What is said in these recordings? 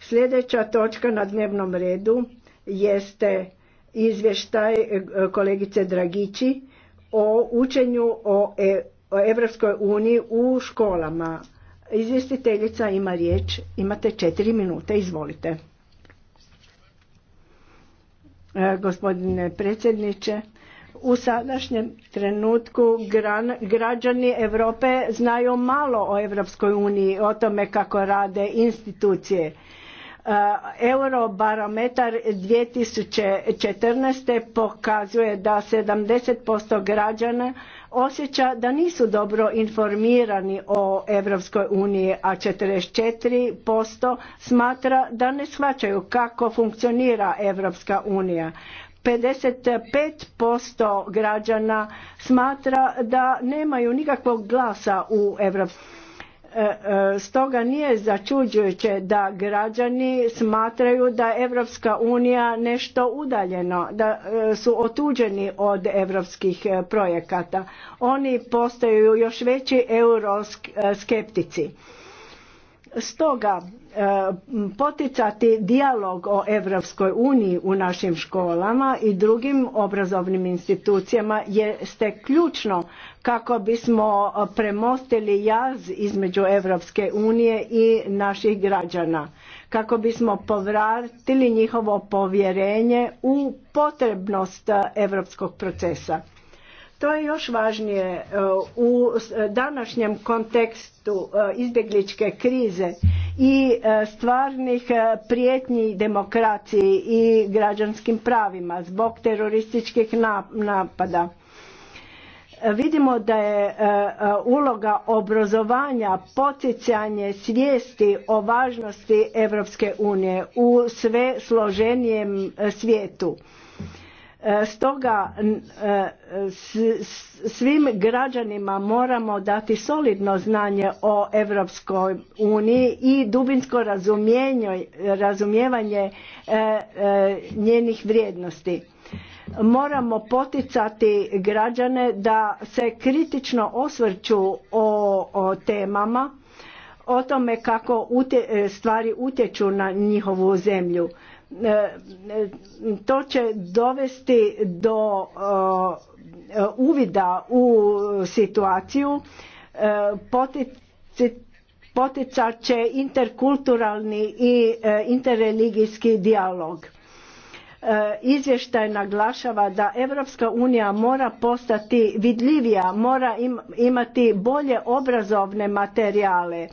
Sljedeća točka na dnevnom redu jeste izvještaj e, kolegice Dragići o učenju o Europskoj uniji u školama. Izvjestiteljica ima riječ, imate četiri minute, izvolite. E, gospodine predsjedniče, u sadašnjem trenutku građani Europe znaju malo o Europskoj uniji, o tome kako rade institucije. Eh, Eurobarometar 2014. pokazuje da 70% građana osjeća da nisu dobro informirani o Europskoj uniji, a 44% smatra da ne shvaćaju kako funkcionira Europska unija. 55% građana smatra da nemaju nikakvog glasa u Europskoj E, e, stoga nije začuđujuće da građani smatraju da Europska unija nešto udaljeno, da e, su otuđeni od europskih projekata. Oni postaju još veći euroskeptici. Stoga poticati dijalog o Europskoj uniji u našim školama i drugim obrazovnim institucijama jeste ključno kako bismo premostili jaz između Europske unije i naših građana, kako bismo povratili njihovo povjerenje u potrebnost europskog procesa. To je još važnije e, u današnjem kontekstu e, izbjegličke krize i e, stvarnih prijetnji demokraciji i građanskim pravima zbog terorističkih napada Vidimo da je e, e, uloga obrazovanja, poticanje svijesti o važnosti Europske unije u sve složenijem e, svijetu. Stoga svim građanima moramo dati solidno znanje o Europskoj uniji i dubinsko razumijevanje njenih vrijednosti moramo poticati građane da se kritično osvrću o, temama o tome kako e, stvari utječu na njihovu zemlju e, to će dovesti do e, uvida u situaciju poticat će interkulturalni i interreligijski dijalog E, izvještaj naglašava da Europska unija mora postati vidljivija, mora imati bolje obrazovne materijale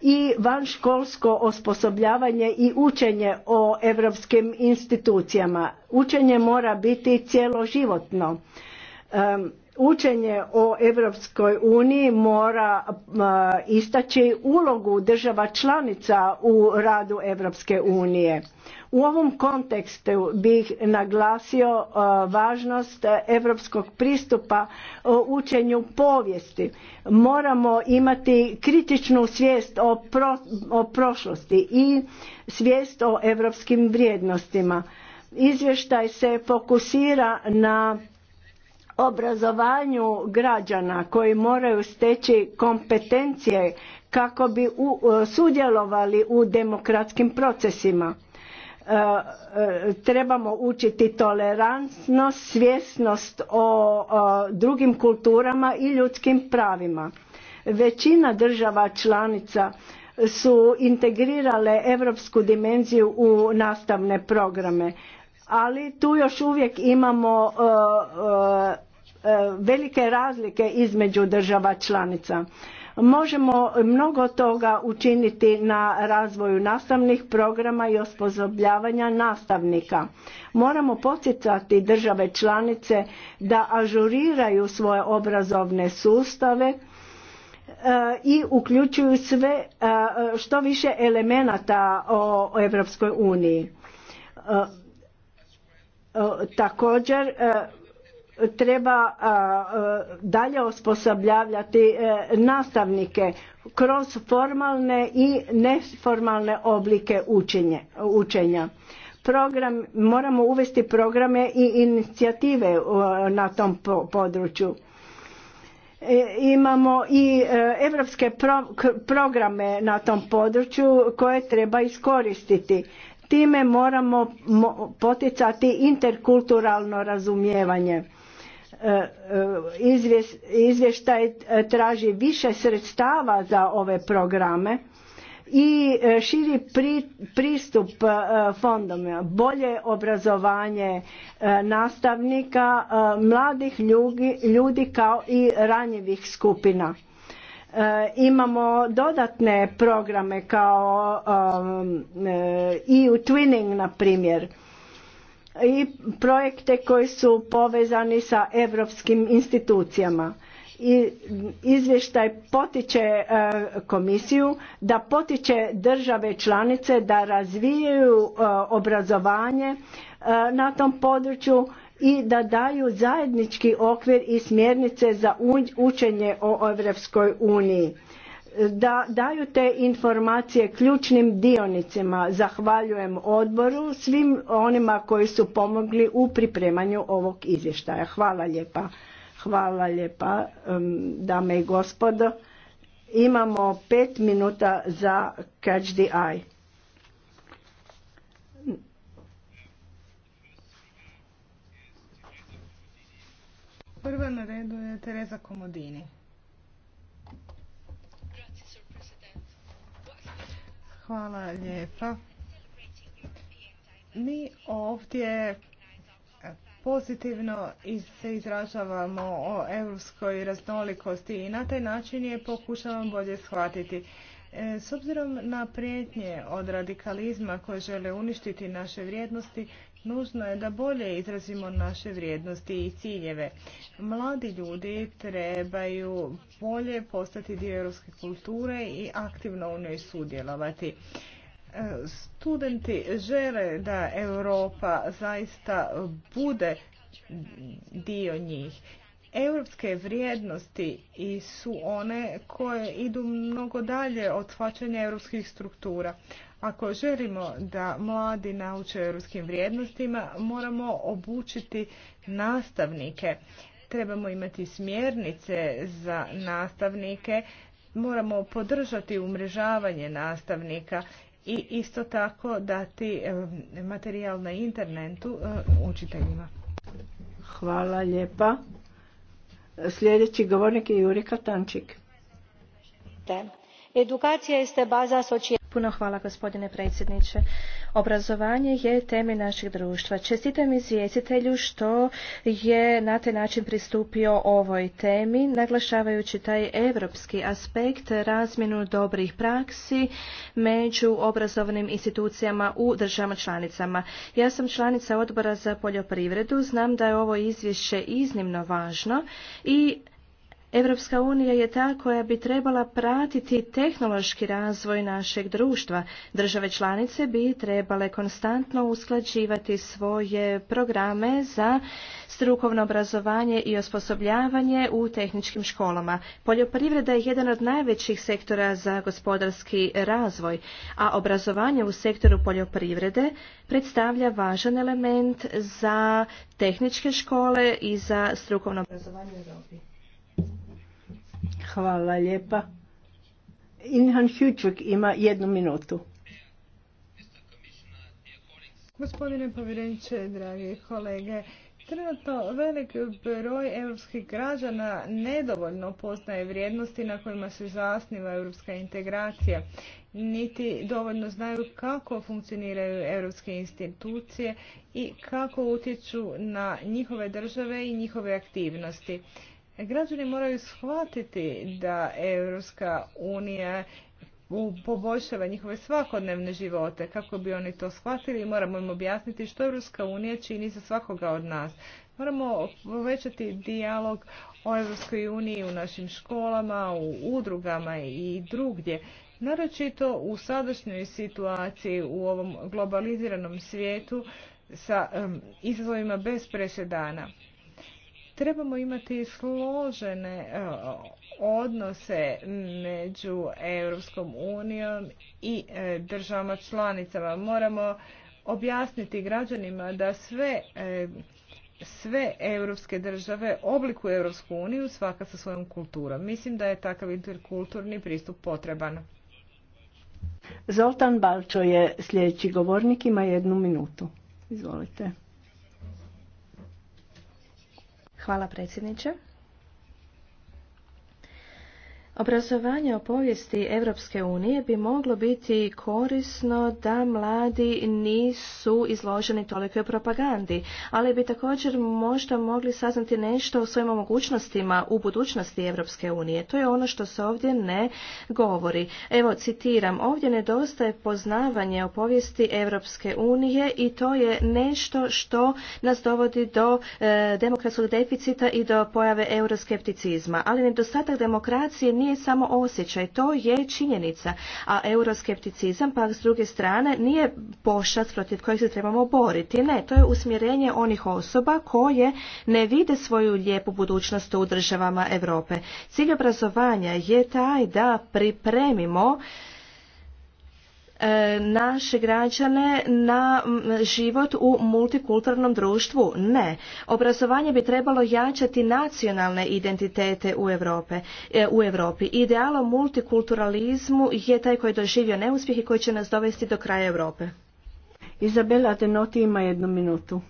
i vanškolsko osposobljavanje i učenje o europskim institucijama. Učenje mora biti cjeloživotno. E, učenje o Europskoj uniji mora istaći ulogu država članica u radu Europske unije. U ovom kontekstu bih naglasio važnost europskog pristupa učenju povijesti. Moramo imati kritičnu svijest o, o prošlosti i svijest o europskim vrijednostima. Izvještaj se fokusira na obrazovanju građana koji moraju steći kompetencije kako bi e, sudjelovali u demokratskim procesima. E, e, trebamo učiti tolerantnost, svjesnost o, drugim kulturama i ljudskim pravima. Većina država članica su integrirale europsku dimenziju u nastavne programe, ali tu još uvijek imamo E, velike razlike između država članica. Možemo mnogo toga učiniti na razvoju nastavnih programa i osposobljavanja nastavnika. Moramo poticati države članice da ažuriraju svoje obrazovne sustave e, i uključuju sve e, što više elemenata o Europskoj uniji. Također treba dalje osposobljavljati e, nastavnike kroz formalne i neformalne oblike učenja. Program, moramo uvesti programe i inicijative e, na tom području. E, imamo i evropske programe na tom području koje treba iskoristiti. Time moramo poticati interkulturalno razumijevanje E, e, izvještaj e, traži više sredstava za ove programe i širi pristup fondovima, bolje obrazovanje nastavnika, mladih ljudi kao i ranjivih skupina. Imamo dodatne programe kao EU Twinning na primjer i projekte koji su povezani sa europskim institucijama. I izvještaj potiče e, komisiju da potiče države članice da razvijaju e, obrazovanje e, na tom području i da daju zajednički okvir i smjernice za učenje o Europskoj uniji da daju te informacije ključnim dionicima. Zahvaljujem odboru, svim onima koji su pomogli u pripremanju ovog izvještaja. Hvala lijepa. Hvala lijepa, dame i gospodo. Imamo pet minuta za Catch the Eye. Prva na redu je Tereza Komodini. Hvala lijepa. Mi ovdje pozitivno se izražavamo o europskoj raznolikosti i na taj način je pokušavam bolje shvatiti. E, s obzirom na prijetnje od radikalizma koje žele uništiti naše vrijednosti, nužno je da bolje izrazimo naše vrijednosti i ciljeve. Mladi ljudi trebaju bolje postati dio europske kulture i aktivno u njoj sudjelovati. E, studenti žele da Europa zaista bude dio njih Europske vrijednosti i su one koje idu mnogo dalje od shvaćanja europskih struktura. Ako želimo da mladi nauče europskim vrijednostima, moramo obučiti nastavnike. Trebamo imati smjernice za nastavnike, moramo podržati umrežavanje nastavnika i isto tako dati eh, materijal na internetu eh, učiteljima. Hvala lijepa. Sljedeći govornik je Juri Katančik. Edukacija jeste baza Puno hvala gospodine predsjedniče Obrazovanje je temi našeg društva. Čestitam izvjestitelju što je na taj način pristupio ovoj temi, naglašavajući taj evropski aspekt razmjenu dobrih praksi među obrazovnim institucijama u državama članicama. Ja sam članica odbora za poljoprivredu, znam da je ovo izvješće iznimno važno i Evropska unija je ta koja bi trebala pratiti tehnološki razvoj našeg društva. Države članice bi trebale konstantno usklađivati svoje programe za strukovno obrazovanje i osposobljavanje u tehničkim školama. Poljoprivreda je jedan od najvećih sektora za gospodarski razvoj, a obrazovanje u sektoru poljoprivrede predstavlja važan element za tehničke škole i za strukovno obrazovanje u Europi. Hvala lijepa. Inhan ima jednu minutu. Gospodine povjereniče, dragi kolege, Trenutno velik broj europskih građana nedovoljno poznaje vrijednosti na kojima se zasniva europska integracija, niti dovoljno znaju kako funkcioniraju europske institucije i kako utječu na njihove države i njihove aktivnosti. Građani moraju shvatiti da Europska unija poboljšava njihove svakodnevne živote. Kako bi oni to shvatili, moramo im objasniti što Europska unija čini za svakoga od nas. Moramo povećati dijalog o Europskoj uniji u našim školama, u udrugama i drugdje. Naročito u sadašnjoj situaciji u ovom globaliziranom svijetu sa um, izazovima bez presedana. Trebamo imati složene e, odnose među Europskom unijom i e, državama članicama. Moramo objasniti građanima da sve e, sve europske države oblikuju Europsku uniju svaka sa svojom kulturom. Mislim da je takav interkulturni pristup potreban. Zoltan Balčo je sljedeći govornik, ima jednu minutu. Izvolite. Hvala predsjedniče. Obrazovanje o povijesti Europske unije bi moglo biti korisno da mladi nisu izloženi tolikoj propagandi, ali bi također možda mogli saznati nešto o svojim mogućnostima u budućnosti Europske unije. To je ono što se ovdje ne govori. Evo, citiram, ovdje nedostaje poznavanje o povijesti Europske unije i to je nešto što nas dovodi do e, demokratskog deficita i do pojave euroskepticizma. Ali nedostatak demokracije nije nije samo osjećaj, to je činjenica. A euroskepticizam pak s druge strane nije pošast protiv kojeg se trebamo boriti. Ne, to je usmjerenje onih osoba koje ne vide svoju lijepu budućnost u državama Europe. Cilj obrazovanja je taj da pripremimo naše građane na život u multikulturnom društvu? Ne. Obrazovanje bi trebalo jačati nacionalne identitete u Europe. E, u Europi idealo multikulturalizmu je taj koji je doživio neuspjeh i koji će nas dovesti do kraja Europe. Izabela Denoti ima jednu minutu.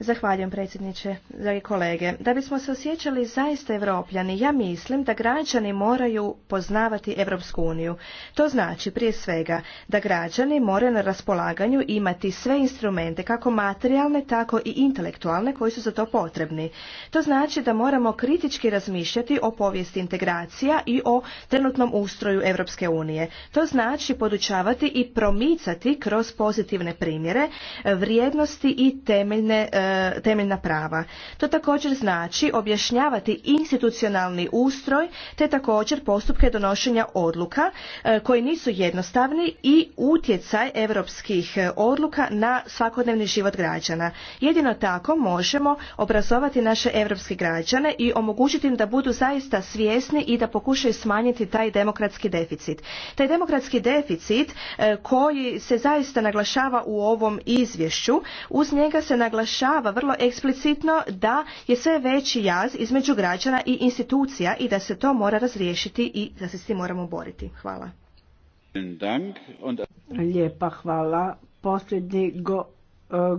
Zahvaljujem predsjedniče, dragi kolege. Da bismo se osjećali zaista evropljani, ja mislim da građani moraju poznavati Evropsku uniju. To znači prije svega da građani moraju na raspolaganju imati sve instrumente, kako materijalne, tako i intelektualne koji su za to potrebni. To znači da moramo kritički razmišljati o povijesti integracija i o trenutnom ustroju Evropske unije. To znači podučavati i promicati kroz pozitivne primjere vrijednosti i temeljne e, E, temeljna prava. To također znači objašnjavati institucionalni ustroj te također postupke donošenja odluka e, koji nisu jednostavni i utjecaj europskih e, odluka na svakodnevni život građana. Jedino tako možemo obrazovati naše europske građane i omogućiti im da budu zaista svjesni i da pokušaju smanjiti taj demokratski deficit. Taj demokratski deficit koji se zaista naglašava u ovom izvješću, uz njega se naglašava naglašava vrlo eksplicitno da je sve veći jaz između građana i institucija i da se to mora razriješiti i da se s tim moramo boriti. Hvala. Lijepa hvala. Posljednji e,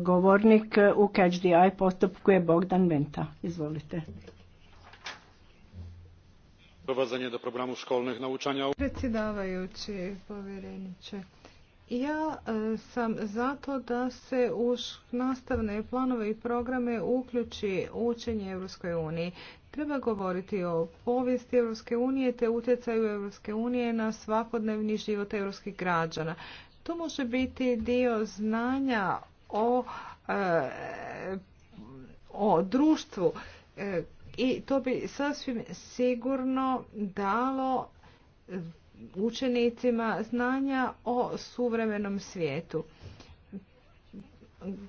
govornik u Catch the Eye postupku je Bogdan Venta. Izvolite. Prowadzenie do programu szkolnych nauczania. Predsjedavajući povjereniče. Ja e, sam zato da se u nastavne planove i programe uključi učenje Europskoj uniji. Treba govoriti o povijesti Europske unije te utjecaju Europske unije na svakodnevni život europskih građana. To može biti dio znanja o, e, o društvu e, i to bi sasvim sigurno dalo učenicima znanja o suvremenom svijetu.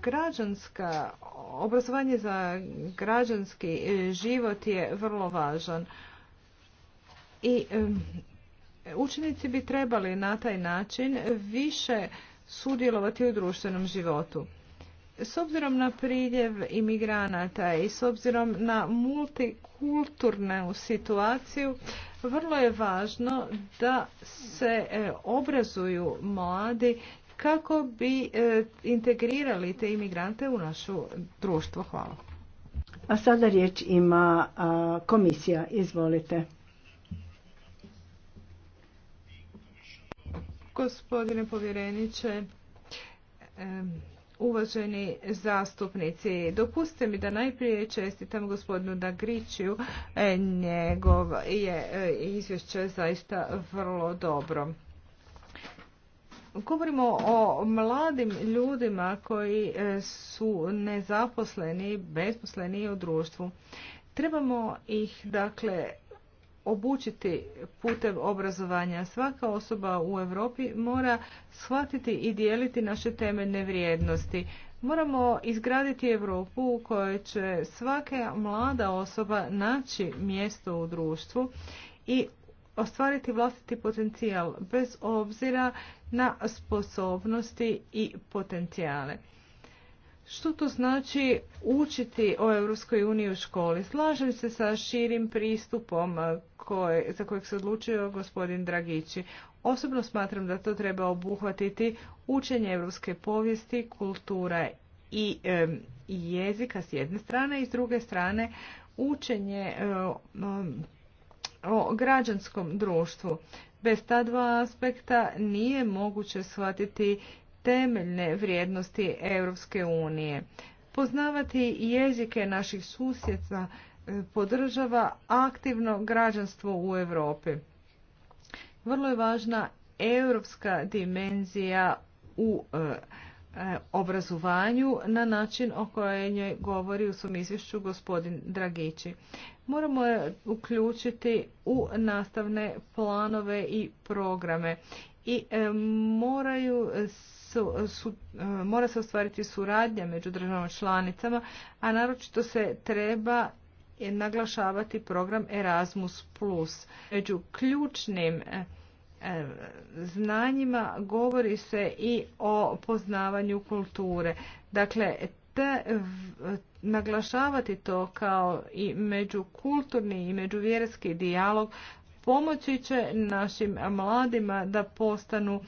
Građanska, obrazovanje za građanski život je vrlo važan i učenici bi trebali na taj način više sudjelovati u društvenom životu. S obzirom na priljev imigranata i s obzirom na multikulturnu situaciju, vrlo je važno da se e, obrazuju mladi kako bi e, integrirali te imigrante u našu društvo. Hvala. A sada riječ ima komisija. Izvolite. Gospodine povjereniče, Uvaženi zastupnici, dopustite mi da najprije čestitam gospodinu Dagriću. E, njegov je e, izvješće zaista vrlo dobro. Govorimo o mladim ljudima koji e, su nezaposleni, besposleni u društvu. Trebamo ih dakle obučiti putem obrazovanja. Svaka osoba u Europi mora shvatiti i dijeliti naše temeljne vrijednosti. Moramo izgraditi Europu u kojoj će svaka mlada osoba naći mjesto u društvu i ostvariti vlastiti potencijal bez obzira na sposobnosti i potencijale. Što to znači učiti o Europskoj uniji u školi? Slažem se sa širim pristupom eh, za kojeg se odlučio gospodin Dragići. Osobno smatram da to treba obuhvatiti učenje europske povijesti, kultura i jezika s jedne strane i s druge strane učenje eh, o građanskom društvu. Bez ta dva aspekta nije moguće shvatiti temeljne vrijednosti Europske unije. Poznavati jezike naših susjeca e, podržava aktivno građanstvo u Europi. Vrlo je važna europska dimenzija u e, e, obrazovanju na način o kojoj govori u svom izvješću gospodin Dragići. Moramo je uključiti u nastavne planove i programe i e, moraju su, su, e, mora se ostvariti suradnja među državama članicama, a naročito se treba naglašavati program Erasmus+. Među ključnim e, znanjima govori se i o poznavanju kulture. Dakle, te, naglašavati to kao i međukulturni i međuvjerski dijalog Pomoći će našim mladima da postanu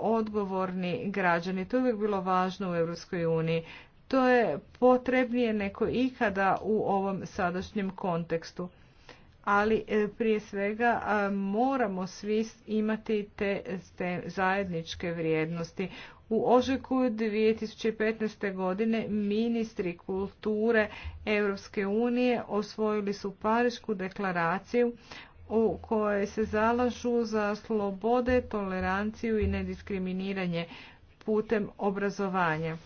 odgovorni građani. To je uvijek bilo važno u Europskoj uniji. To je potrebnije neko ikada u ovom sadašnjem kontekstu. Ali e, prije svega moramo svi imati te, zajedničke vrijednosti. U ožujku 2015. godine ministri kulture Europske unije osvojili su Parišku deklaraciju u koje se zalažu za slobode, toleranciju i nediskriminiranje putem obrazovanja.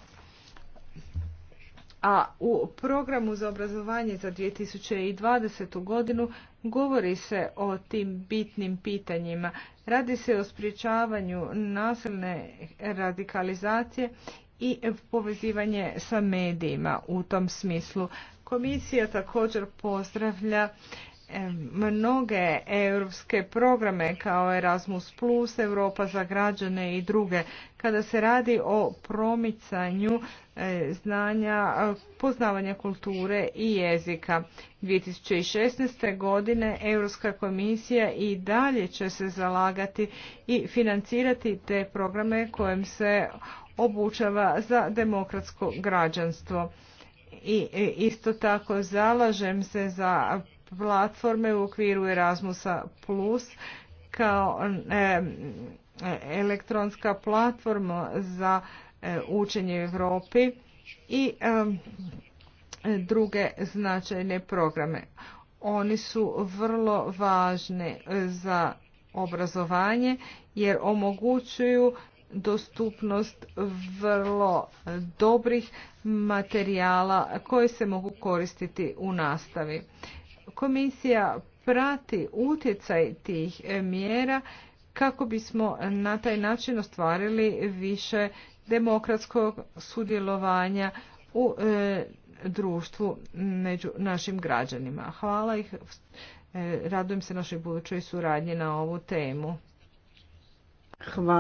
A u programu za obrazovanje za 2020. godinu govori se o tim bitnim pitanjima. Radi se o sprječavanju nasilne radikalizacije i povezivanje sa medijima u tom smislu. Komisija također pozdravlja mnoge europske programe kao Erasmus+, Plus, Europa za građane i druge. Kada se radi o promicanju e, znanja, e, poznavanja kulture i jezika. 2016. godine Europska komisija i dalje će se zalagati i financirati te programe kojim se obučava za demokratsko građanstvo. I e, isto tako zalažem se za platforme u okviru Erasmusa Plus kao e, e, elektronska platforma za e, učenje u Europi i druge značajne programe. Oni su vrlo važne za obrazovanje jer omogućuju dostupnost vrlo dobrih materijala koji se mogu koristiti u nastavi komisija prati utjecaj tih e, mjera kako bismo na taj način ostvarili više demokratskog sudjelovanja u e, društvu među našim građanima. Hvala i e, radujem se našoj budućoj suradnji na ovu temu. Hvala.